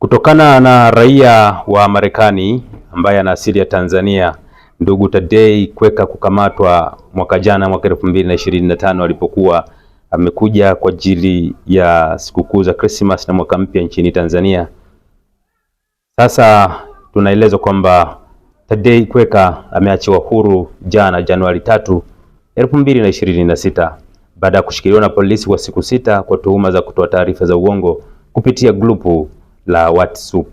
Kutokana na raia wa Marekani ambaye ana asili ya Tanzania, ndugu Tadei Kweka kukamatwa mwaka jana, mwaka elfu mbili na ishirini na tano alipokuwa amekuja kwa ajili ya sikukuu za Christmas na mwaka mpya nchini Tanzania. Sasa tunaelezwa kwamba Tadei Kweka ameachiwa huru jana Januari tatu elfu mbili na ishirini na sita baada ya kushikiliwa na polisi kwa siku sita kwa tuhuma za kutoa taarifa za uongo kupitia grupu la WhatsApp.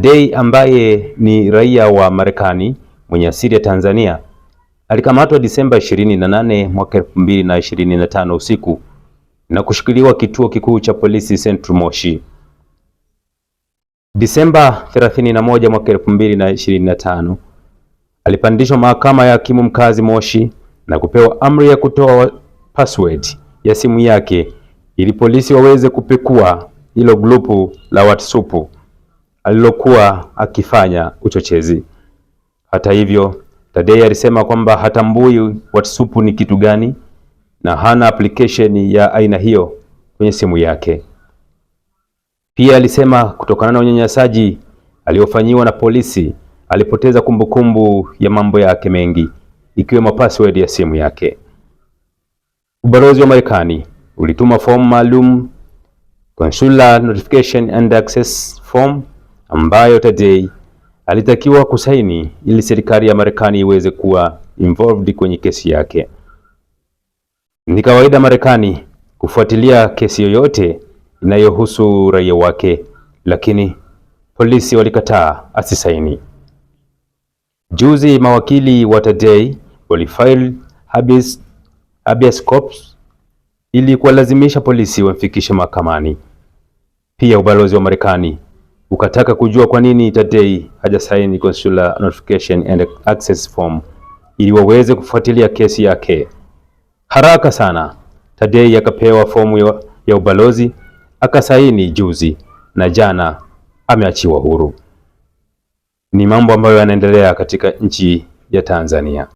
Day ambaye ni raia wa Marekani mwenye asili ya Tanzania alikamatwa Disemba 28 mwaka 2025 usiku na kushikiliwa kituo kikuu cha polisi Central Moshi. Disemba 31 mwaka 2025 alipandishwa mahakama ya hakimu mkazi Moshi na kupewa amri ya kutoa password ya simu yake ili polisi waweze kupekua hilo grupu la WhatsApp alilokuwa akifanya uchochezi. Hata hivyo, Tadei alisema kwamba hatambui WhatsApp ni kitu gani na hana application ya aina hiyo kwenye simu yake. Pia alisema kutokana na unyanyasaji aliofanyiwa na polisi alipoteza kumbukumbu ya mambo yake mengi ikiwemo password ya simu yake. Ubalozi wa Marekani ulituma fomu maalum consular notification and access form ambayo Tadei alitakiwa kusaini ili serikali ya Marekani iweze kuwa involved kwenye kesi yake. Ni kawaida Marekani kufuatilia kesi yoyote inayohusu raia wake, lakini polisi walikataa asisaini. Juzi mawakili wa Tadei walifile habeas corpus ili kuwalazimisha polisi wamfikishe mahakamani. Pia ubalozi wa Marekani ukataka kujua kwa nini Tadei hajasaini consular notification and access form ili waweze kufuatilia kesi yake haraka sana. Tadei akapewa fomu ya ubalozi akasaini juzi na jana ameachiwa huru. Ni mambo ambayo yanaendelea katika nchi ya Tanzania.